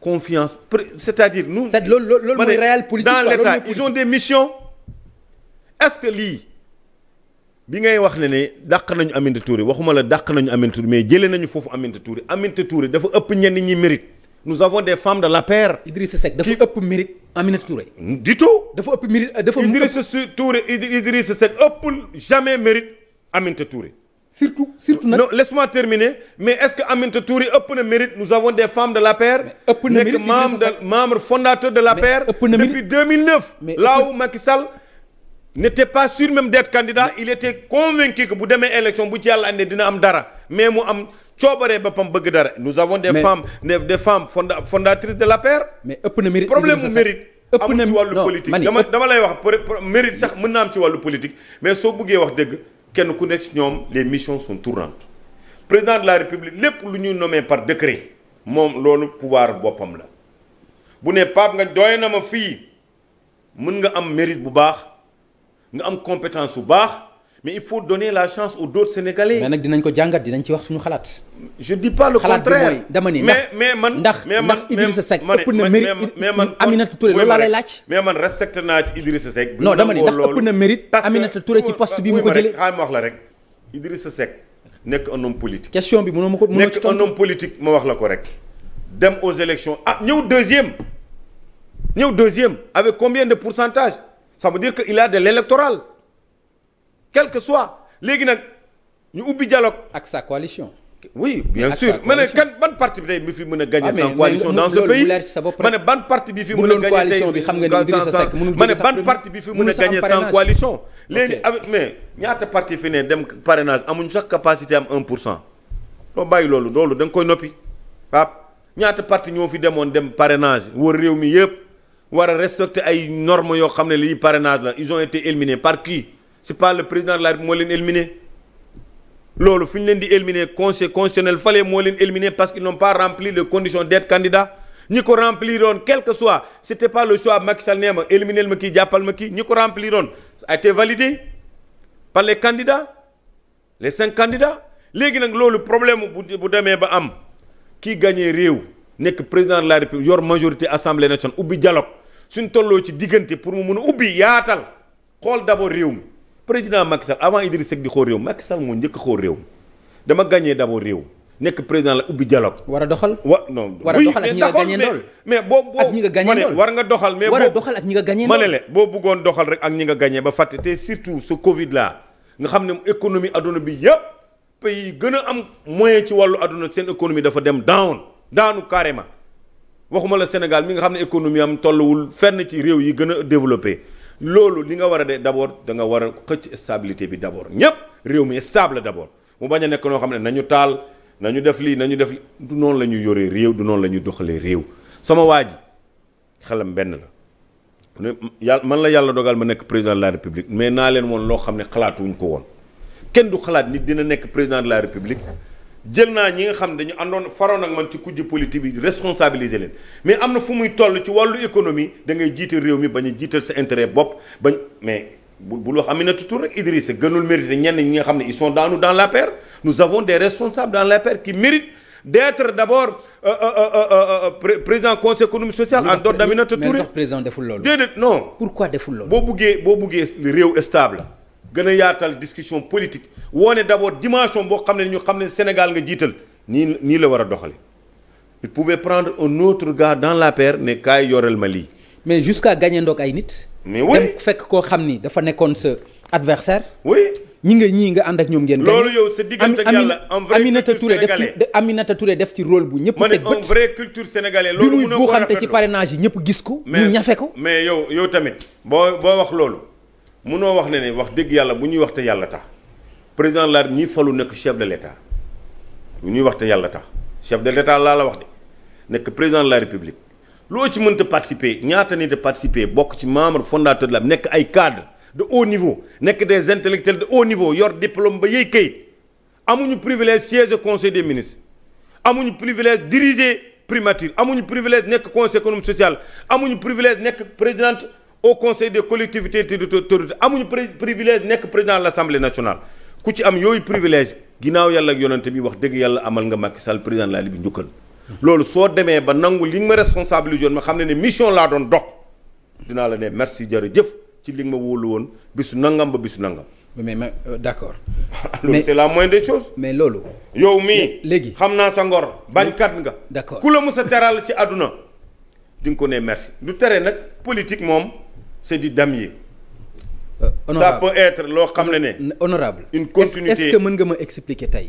confiance c'est-à-dire nous. c'est loolu loolu mooy réel politique dans l'État ils ont des missions. est-ce que lii bi ngay wax ne ne dàq nañu Aminata Touré waxuma la dàq nañu Aminata Touré mais jëlee nañu foofu Aminata Touré Aminata Touré dafa ëpp ñenn ñi mérite. nous avons des femmes de l'APR. Idrissa Seck dafa ëpp mérite Aminata Touré. du tout. dafa ëpp mérite dafa. Idrissa Touré Idrissa Seck ëppul jamais mérite Aminata Touré. surtout surtout nag non laisse-moi terminer mais est-ce que Aminata Touré ëpp na mérite nous avons des femmes de l'APR. ëpp nekk membre fondateur de la ëpp na mérite depuis 2009. mais là où Macky Sall n'était pas sûr même d'être candidat il était convaincu bu demee élection bu ci yàlla andee dina am dara mais mu am coobaree boppam bëgg dara. nous avons des femmes des femmes fonda fondatrices de l'APR. mais ëpp na mérite problème mu mérite. ëpp na mérite sax mën na am ci wàllu politique mais soo bëggee wax dëgg. kenn ku nekk si ñoom les missions sont tournantes président de la république lépp lu ñuy nommé par décret moom loolu pouvoir boppam la bu ne Pape nga doy na ma fii mën nga am mérite bu baax nga am compétence bu baax mais il faut donner la chance aux d'autres sénégalais. mais nag dinañ ko jàngat dinañ ci wax suñu xalaat. xalaat bi mooy dama ni. mais man ndax ndax Idrissa Seck. ëpp na mérite Aminata Touré loolu laa lay laaj. mais man respecté naa ci Idrissa Seck. non dama ni ndax ëpp na mérite Aminata Touré ci poste bi mu ko jëlee. xaaral ma nekk un homme politique. question bi mënoo ma ko mënoo ci tontu nekk un homme politique ma wax la ko rek. dem aux élections ah ñëw deuxième ñëw deuxième avec combien de pourcentage ça veut dire que il a quel que soit léegi nag ñu ubbi dialogue ak sa coalition. oui bien sûr ma ne kan ban parti bi tey mi fi mën a gagner ah, sans coalition dans ce pays ma ne ban parti bi fi mën a gagner tey ma ne ban parti bi fi mën a gagner sans coalition léegi avec ah, mais ñaata parti fi ne dem parrainage amuñu sax capacité am 1 pour cent bàyyi loolu loolu da nga koy noppi pap ñaata parti ñoo fi demoon dem parenage wër réew mi yëpp war a respecter ay normes yoo xam ne lii parrainage la ils ont été c'est pas le président de la République moo leen éliminé loolu fi ñu leen di éliminé conseil constitutionnel fale moo leen éliminé parce que n'ont pas rempli les conditions d'être candidat ñi ko rempliroon quel que soit c'était pas le choix Macky Sall nee ma éliminer ma ki jàppal ma ki ñi ko rempliroon ça a été validé par les candidats les cinq candidats léegi nag loolu problème bu bu demee ba am kii gagné réew nekk président de la république yor majorité assemblée nationale ubbi dialogue suñ tolloo ci diggante pour mu mun a ubbi yaatal xool d'abord réew mi président Macky Sall avant Idriss Seck di xool réew Macky Sall moo njëkk a xool réew dama gagné d' réew nekk président la ubbi dialogue. war a doxal. wa non war a doxal ak ñi nga gagné lool mais boo ñi nga gagné lool ma ne war nga doxal mais. war a doxal ñi nga gagné lool ma ne boo bëggoon doxal rek ak ñi nga gagné ba fàtte te surtout ce Covid là nga xam ne économie adduna bi yëpp pays yi gën a am moyen ci wàllu àdduna seen économie dafa dem down daanu carrément waxuma la Sénégal mi nga xam ne économie am tolluwul fenn ci réew yi gën a développé loolu li nga war a de d' abord da nga war a xëcc stabilité bi d' abord ñëpp réew mi stable d' abord mu bañ a nekk noo xam ne nañu taal nañu def lii nañu def lii du noonu la ñuy yoree réew du noonu la ñuy doxalee réew sama waa ji xelam benn la. ne yàlla man la yàlla dogal ma nekk président de la république mais naa leen woon loo xam ne xalaatuñ ko woon kenn du xalaat nit dina nekk président de la république. jël naa ñi nga xam ne dañu àndoon faroon ak man ci kujje politique bi responsabiliser leen mais am na fu muy toll ci wàllu économie dangay ngay réew mi bañ a jiital sa intérêt bopp bañ mais bu bul wax Aminata Touré rek Idrissa gënul mérité ñenn ñi nga xam ne ils sont dans nous dans l'APR nous avons des responsables dans l'APR qui méritent d'être d'abord euh, euh, euh, président conseil économique social en dehors d'Aminata Touré. mais président deful loolu. déedéet non. pourquoi deful loolu. boo buggee boo buggee réew stable. gën a yaatal discussion politique woone d' abord dimension boo xam ne ñu xam ne Sénégal nga jiital nii nii la war a doxale il pouvait prendre un autre gars dans per ne kaay yoral ma lii. mais jusqu'à gagner ndoog ay nit. mais oui dem fekk koo xam ni dafa nekkoon sa adversaire oui ñi nga ñii nga ànd ak ñoom ngeen. loolu yow sa diggante ak yàlla en vrai Aminata Touré def ci Aminata Touré def ci rôle bu ñëpp. teg bët ma ne en vrai culture sénégalaise loolu mun na ko rafetlu buuxante ci parrainage yi ñëpp gis ko. ñu ñafe ko mais yow yow tamit boo boo wax loolu. munoo wax ne ne wax dégg yàlla bu ñuy wax yàlla tax président de la ñuy falu nekk chef de l' état bu ñuy wax te yàlla tax chef de l' état laa la wax de nekk président de la république loo ci mënta participer ñaata nit a participer bokk ci membre fondateur la nekk ay cadre de haut niveau nekk des intellectuels de haut niveau yor diplôme ba yëy kayit amuñu privilège siège conseil des ministres amuñu privilège diriger primature amuñu privilège nekk conseil économique social amuñu nekk présidente au conseil des collectivités territoriales amuñu privilège nekk président de l' assemblée nationale ku ci am yooyu privilège ginnaaw yàlla ak yonante bi wax dégg yàlla amal nga Macky Sall président de la République njukkal. loolu soo demee ba nangu li nga ma responsabilisé woon ma xam ne ne mission laa doon dox dinaa la ne merci jëf ci li nga ma wóolu woon bisu nangam ba bisu nangam. mais mais d' accord. mais c'est la moindre des choses. mais loolu. yow mii léegi xam naa sa ngor. bañkat nga. d' accord ku la mus a teral ci àdduna di ne merci. du tere nag politique moom. c'est du damier. Euh, honorable ça loo xam ne ne. honorable une continuité est mën nga ma expliquer tey.